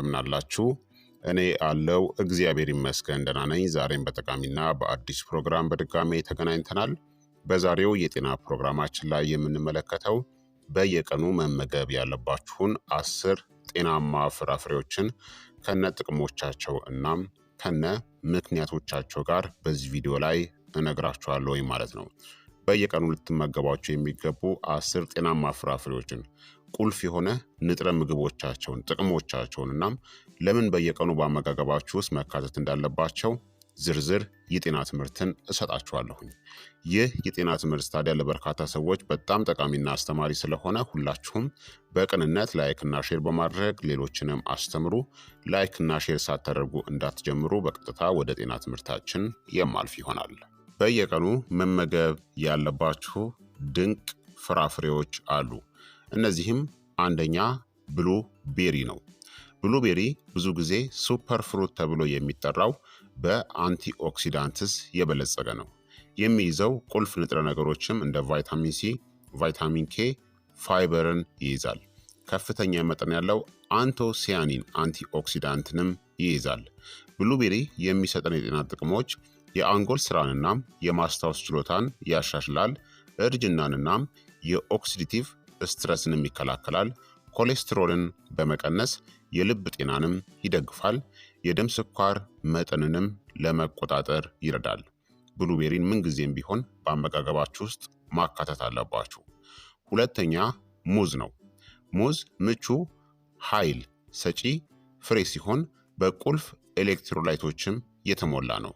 እንደምናላችሁ እኔ አለው እግዚአብሔር ይመስገን ደህና ነኝ። ዛሬም በጠቃሚና በአዲስ ፕሮግራም በድጋሜ ተገናኝተናል። በዛሬው የጤና ፕሮግራማችን ላይ የምንመለከተው በየቀኑ መመገብ ያለባችሁን አስር ጤናማ ፍራፍሬዎችን ከነ ጥቅሞቻቸው እናም ከነ ምክንያቶቻቸው ጋር በዚህ ቪዲዮ ላይ እነግራችኋለሁ ማለት ነው። በየቀኑ ልትመገቧቸው የሚገቡ አስር ጤናማ ፍራፍሬዎችን ቁልፍ የሆነ ንጥረ ምግቦቻቸውን ጥቅሞቻቸውን፣ እናም ለምን በየቀኑ በአመጋገባችሁ ውስጥ መካተት እንዳለባቸው ዝርዝር የጤና ትምህርትን እሰጣችኋለሁኝ። ይህ የጤና ትምህርት ታዲያ ለበርካታ ሰዎች በጣም ጠቃሚና አስተማሪ ስለሆነ ሁላችሁም በቅንነት ላይክና ሼር በማድረግ ሌሎችንም አስተምሩ። ላይክና ሼር ሳታደርጉ እንዳትጀምሩ። በቀጥታ ወደ ጤና ትምህርታችን የማልፍ ይሆናል። በየቀኑ መመገብ ያለባችሁ ድንቅ ፍራፍሬዎች አሉ። እነዚህም አንደኛ ብሉ ቤሪ ነው። ብሉቤሪ ብዙ ጊዜ ሱፐር ፍሩት ተብሎ የሚጠራው በአንቲኦክሲዳንትስ የበለጸገ ነው። የሚይዘው ቁልፍ ንጥረ ነገሮችም እንደ ቫይታሚን ሲ፣ ቫይታሚን ኬ፣ ፋይበርን ይይዛል። ከፍተኛ መጠን ያለው አንቶሲያኒን አንቲኦክሲዳንትንም ይይዛል። ብሉቤሪ የሚሰጠን የጤና ጥቅሞች የአንጎል ስራንናም የማስታወስ ችሎታን ያሻሽላል፣ እርጅናንናም የኦክሲዲቲቭ ስትረስንም ይከላከላል። ኮሌስትሮልን በመቀነስ የልብ ጤናንም ይደግፋል። የደም ስኳር መጠንንም ለመቆጣጠር ይረዳል። ብሉቤሪን ምንጊዜም ቢሆን በአመጋገባችሁ ውስጥ ማካተት አለባችሁ። ሁለተኛ ሙዝ ነው። ሙዝ ምቹ ኃይል ሰጪ ፍሬ ሲሆን በቁልፍ ኤሌክትሮላይቶችም የተሞላ ነው።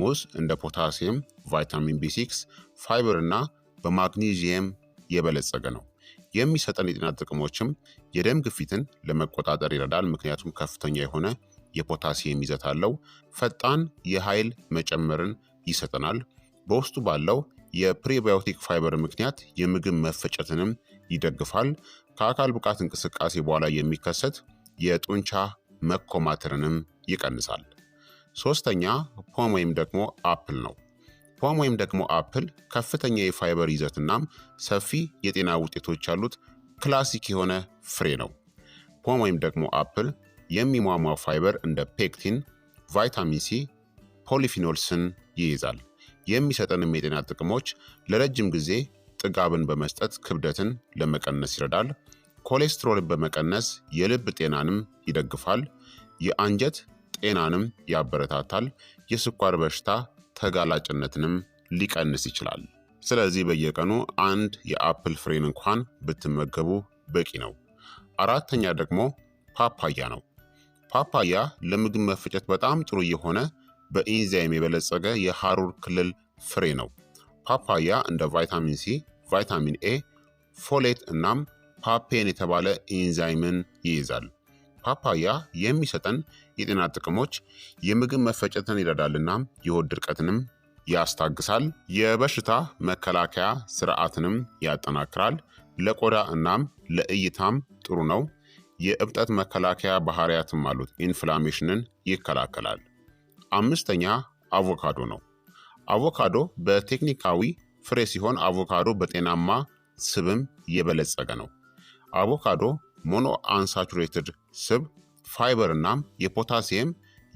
ሙዝ እንደ ፖታሲየም፣ ቫይታሚን ቢ6፣ ፋይበር እና በማግኒዚየም የበለጸገ ነው። የሚሰጠን የጤና ጥቅሞችም የደም ግፊትን ለመቆጣጠር ይረዳል። ምክንያቱም ከፍተኛ የሆነ የፖታሲየም ይዘት አለው። ፈጣን የኃይል መጨመርን ይሰጠናል። በውስጡ ባለው የፕሪባዮቲክ ፋይበር ምክንያት የምግብ መፈጨትንም ይደግፋል። ከአካል ብቃት እንቅስቃሴ በኋላ የሚከሰት የጡንቻ መኮማተርንም ይቀንሳል። ሶስተኛ ፖም ወይም ደግሞ አፕል ነው። ፖም ወይም ደግሞ አፕል ከፍተኛ የፋይበር ይዘትናም ሰፊ የጤና ውጤቶች ያሉት ክላሲክ የሆነ ፍሬ ነው። ፖም ወይም ደግሞ አፕል የሚሟሟ ፋይበር እንደ ፔክቲን፣ ቫይታሚን ሲ፣ ፖሊፊኖልስን ይይዛል። የሚሰጠንም የጤና ጥቅሞች ለረጅም ጊዜ ጥጋብን በመስጠት ክብደትን ለመቀነስ ይረዳል። ኮሌስትሮልን በመቀነስ የልብ ጤናንም ይደግፋል። የአንጀት ጤናንም ያበረታታል። የስኳር በሽታ ተጋላጭነትንም ሊቀንስ ይችላል። ስለዚህ በየቀኑ አንድ የአፕል ፍሬን እንኳን ብትመገቡ በቂ ነው። አራተኛ ደግሞ ፓፓያ ነው። ፓፓያ ለምግብ መፈጨት በጣም ጥሩ የሆነ በኢንዛይም የበለጸገ የሐሩር ክልል ፍሬ ነው። ፓፓያ እንደ ቫይታሚን ሲ፣ ቫይታሚን ኤ፣ ፎሌት እናም ፓፔን የተባለ ኢንዛይምን ይይዛል። ፓፓያ የሚሰጠን የጤና ጥቅሞች የምግብ መፈጨትን ይረዳልና የሆድ ድርቀትንም ያስታግሳል። የበሽታ መከላከያ ስርዓትንም ያጠናክራል። ለቆዳ እናም ለእይታም ጥሩ ነው። የእብጠት መከላከያ ባህሪያትም አሉት። ኢንፍላሜሽንን ይከላከላል። አምስተኛ አቮካዶ ነው። አቮካዶ በቴክኒካዊ ፍሬ ሲሆን አቮካዶ በጤናማ ስብም የበለጸገ ነው። አቮካዶ ሞኖ አንሳቹሬትድ ስብ፣ ፋይበር እናም የፖታሲየም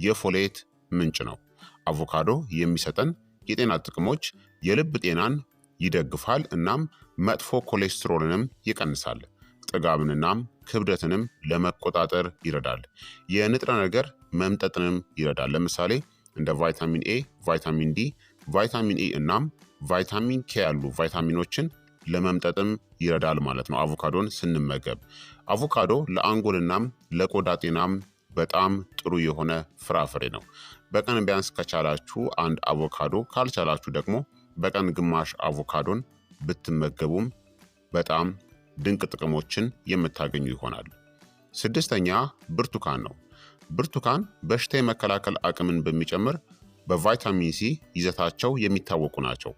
የፎሌት ምንጭ ነው። አቮካዶ የሚሰጠን የጤና ጥቅሞች የልብ ጤናን ይደግፋል እናም መጥፎ ኮሌስትሮልንም ይቀንሳል። ጥጋብንናም ክብደትንም ለመቆጣጠር ይረዳል። የንጥረ ነገር መምጠጥንም ይረዳል። ለምሳሌ እንደ ቫይታሚን ኤ፣ ቫይታሚን ዲ፣ ቫይታሚን ኤ እናም ቫይታሚን ኬ ያሉ ቫይታሚኖችን ለመምጠጥም ይረዳል ማለት ነው። አቮካዶን ስንመገብ አቮካዶ ለአንጎልናም ለቆዳ ጤናም በጣም ጥሩ የሆነ ፍራፍሬ ነው። በቀን ቢያንስ ከቻላችሁ አንድ አቮካዶ ካልቻላችሁ ደግሞ በቀን ግማሽ አቮካዶን ብትመገቡም በጣም ድንቅ ጥቅሞችን የምታገኙ ይሆናል። ስድስተኛ ብርቱካን ነው። ብርቱካን በሽታ የመከላከል አቅምን በሚጨምር በቫይታሚን ሲ ይዘታቸው የሚታወቁ ናቸው።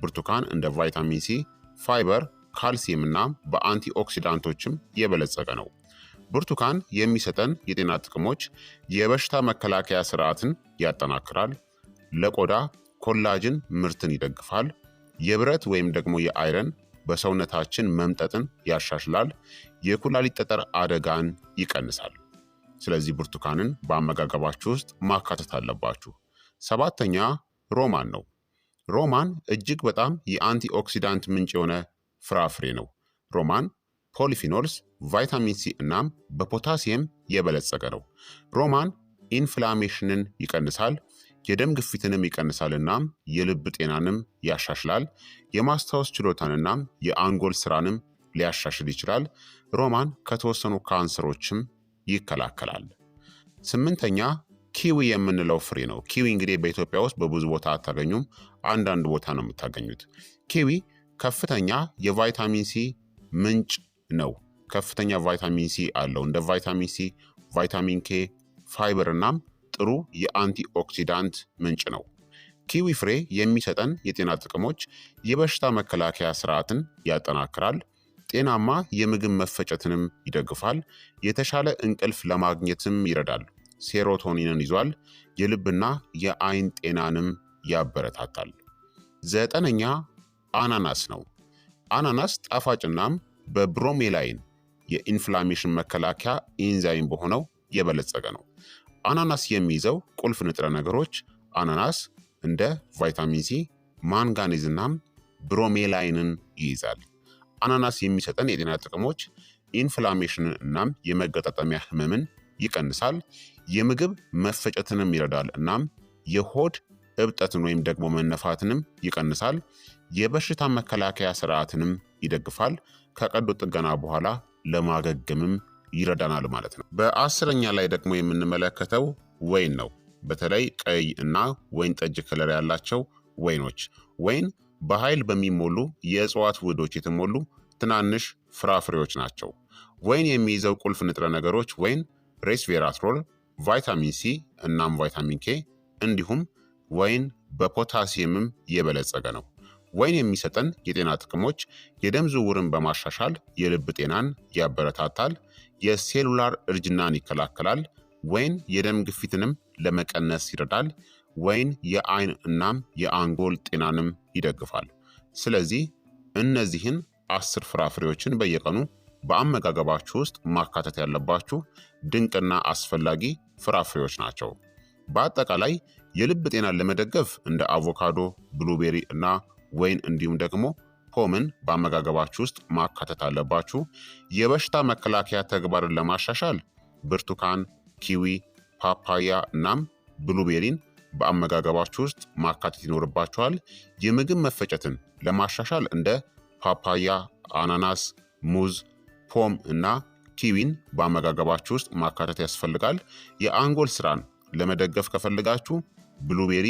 ብርቱካን እንደ ቫይታሚን ሲ ፋይበር፣ ካልሲየም እና በአንቲ ኦክሲዳንቶችም የበለጸገ ነው። ብርቱካን የሚሰጠን የጤና ጥቅሞች የበሽታ መከላከያ ስርዓትን ያጠናክራል፣ ለቆዳ ኮላጅን ምርትን ይደግፋል፣ የብረት ወይም ደግሞ የአይረን በሰውነታችን መምጠጥን ያሻሽላል፣ የኩላሊት ጠጠር አደጋን ይቀንሳል። ስለዚህ ብርቱካንን በአመጋገባችሁ ውስጥ ማካተት አለባችሁ። ሰባተኛ ሮማን ነው። ሮማን እጅግ በጣም የአንቲ ኦክሲዳንት ምንጭ የሆነ ፍራፍሬ ነው። ሮማን ፖሊፊኖልስ፣ ቫይታሚን ሲ እናም በፖታሲየም የበለጸገ ነው። ሮማን ኢንፍላሜሽንን ይቀንሳል፣ የደም ግፊትንም ይቀንሳል እናም የልብ ጤናንም ያሻሽላል። የማስታወስ ችሎታንናም የአንጎል ስራንም ሊያሻሽል ይችላል። ሮማን ከተወሰኑ ካንሰሮችም ይከላከላል። ስምንተኛ ኪዊ የምንለው ፍሬ ነው። ኪዊ እንግዲህ በኢትዮጵያ ውስጥ በብዙ ቦታ አታገኙም፣ አንዳንድ ቦታ ነው የምታገኙት። ኪዊ ከፍተኛ የቫይታሚን ሲ ምንጭ ነው። ከፍተኛ ቫይታሚን ሲ አለው እንደ ቫይታሚን ሲ፣ ቫይታሚን ኬ፣ ፋይበር እናም ጥሩ የአንቲ ኦክሲዳንት ምንጭ ነው። ኪዊ ፍሬ የሚሰጠን የጤና ጥቅሞች የበሽታ መከላከያ ስርዓትን ያጠናክራል፣ ጤናማ የምግብ መፈጨትንም ይደግፋል፣ የተሻለ እንቅልፍ ለማግኘትም ይረዳል። ሴሮቶኒንን ይዟል። የልብና የአይን ጤናንም ያበረታታል። ዘጠነኛ አናናስ ነው። አናናስ ጣፋጭናም በብሮሜላይን የኢንፍላሜሽን መከላከያ ኢንዛይም በሆነው የበለጸገ ነው። አናናስ የሚይዘው ቁልፍ ንጥረ ነገሮች አናናስ እንደ ቫይታሚን ሲ፣ ማንጋኔዝናም ብሮሜላይንን ይይዛል። አናናስ የሚሰጠን የጤና ጥቅሞች ኢንፍላሜሽንን እናም የመገጣጠሚያ ህመምን ይቀንሳል። የምግብ መፈጨትንም ይረዳል። እናም የሆድ እብጠትን ወይም ደግሞ መነፋትንም ይቀንሳል። የበሽታ መከላከያ ስርዓትንም ይደግፋል። ከቀዶ ጥገና በኋላ ለማገገምም ይረዳናል ማለት ነው። በአስረኛ ላይ ደግሞ የምንመለከተው ወይን ነው። በተለይ ቀይ እና ወይን ጠጅ ከለር ያላቸው ወይኖች። ወይን በኃይል በሚሞሉ የእጽዋት ውህዶች የተሞሉ ትናንሽ ፍራፍሬዎች ናቸው። ወይን የሚይዘው ቁልፍ ንጥረ ነገሮች ወይን ሬስቬራትሮል፣ ቫይታሚን ሲ እናም ቫይታሚን ኬ እንዲሁም ወይን በፖታሲየምም የበለጸገ ነው። ወይን የሚሰጠን የጤና ጥቅሞች የደም ዝውውርን በማሻሻል የልብ ጤናን ያበረታታል፣ የሴሉላር እርጅናን ይከላከላል። ወይን የደም ግፊትንም ለመቀነስ ይረዳል። ወይን የአይን እናም የአንጎል ጤናንም ይደግፋል። ስለዚህ እነዚህን አስር ፍራፍሬዎችን በየቀኑ በአመጋገባችሁ ውስጥ ማካተት ያለባችሁ ድንቅና አስፈላጊ ፍራፍሬዎች ናቸው። በአጠቃላይ የልብ ጤናን ለመደገፍ እንደ አቮካዶ፣ ብሉቤሪ እና ወይን እንዲሁም ደግሞ ፖምን በአመጋገባችሁ ውስጥ ማካተት አለባችሁ። የበሽታ መከላከያ ተግባርን ለማሻሻል ብርቱካን፣ ኪዊ፣ ፓፓያ እናም ብሉቤሪን በአመጋገባችሁ ውስጥ ማካተት ይኖርባችኋል። የምግብ መፈጨትን ለማሻሻል እንደ ፓፓያ፣ አናናስ፣ ሙዝ ፖም እና ኪዊን በአመጋገባችሁ ውስጥ ማካተት ያስፈልጋል። የአንጎል ስራን ለመደገፍ ከፈልጋችሁ ብሉቤሪ፣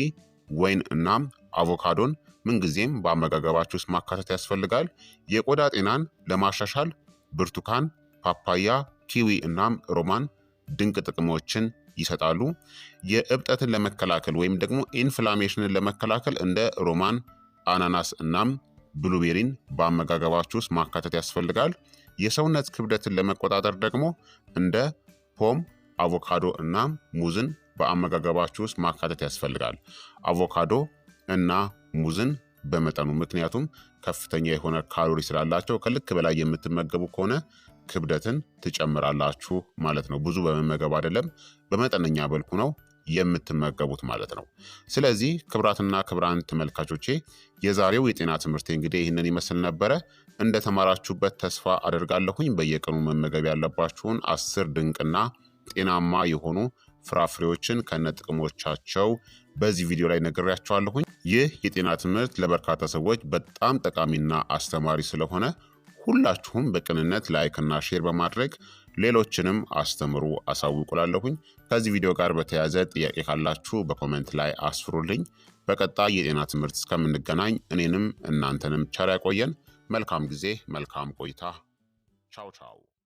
ወይን እናም አቮካዶን ምንጊዜም በአመጋገባችሁ ውስጥ ማካተት ያስፈልጋል። የቆዳ ጤናን ለማሻሻል ብርቱካን፣ ፓፓያ፣ ኪዊ እናም ሮማን ድንቅ ጥቅሞችን ይሰጣሉ። የእብጠትን ለመከላከል ወይም ደግሞ ኢንፍላሜሽንን ለመከላከል እንደ ሮማን፣ አናናስ እናም ብሉቤሪን በአመጋገባችሁ ውስጥ ማካተት ያስፈልጋል። የሰውነት ክብደትን ለመቆጣጠር ደግሞ እንደ ፖም፣ አቮካዶ እና ሙዝን በአመጋገባችሁ ውስጥ ማካተት ያስፈልጋል። አቮካዶ እና ሙዝን በመጠኑ ምክንያቱም ከፍተኛ የሆነ ካሎሪ ስላላቸው ከልክ በላይ የምትመገቡ ከሆነ ክብደትን ትጨምራላችሁ ማለት ነው። ብዙ በመመገብ አይደለም፣ በመጠነኛ መልኩ ነው የምትመገቡት ማለት ነው። ስለዚህ ክብራትና ክብራን ተመልካቾቼ የዛሬው የጤና ትምህርት እንግዲህ ይህንን ይመስል ነበረ። እንደተማራችሁበት ተስፋ አደርጋለሁኝ። በየቀኑ መመገብ ያለባችሁን አስር ድንቅና ጤናማ የሆኑ ፍራፍሬዎችን ከነጥቅሞቻቸው በዚህ ቪዲዮ ላይ ነግሬያቸዋለሁኝ። ይህ የጤና ትምህርት ለበርካታ ሰዎች በጣም ጠቃሚና አስተማሪ ስለሆነ ሁላችሁም በቅንነት ላይክና ሼር በማድረግ ሌሎችንም አስተምሩ አሳውቁላለሁኝ። ከዚህ ቪዲዮ ጋር በተያያዘ ጥያቄ ካላችሁ በኮመንት ላይ አስፍሩልኝ። በቀጣይ የጤና ትምህርት እስከምንገናኝ እኔንም እናንተንም ቸር ያቆየን። መልካም ጊዜ፣ መልካም ቆይታ። ቻው ቻው